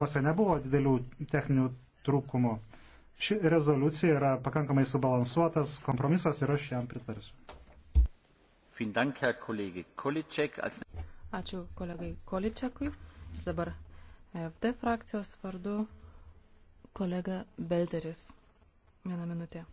dėrybose nebuvo didelių techninių trūkumų. Ši rezoliucija yra pakankamai subalansuotas kompromisas ir aš jam pritarsiu. Ačiū kolegai Količekui. Dabar FD frakcijos vardu kolega Belderis. Vieną minutę.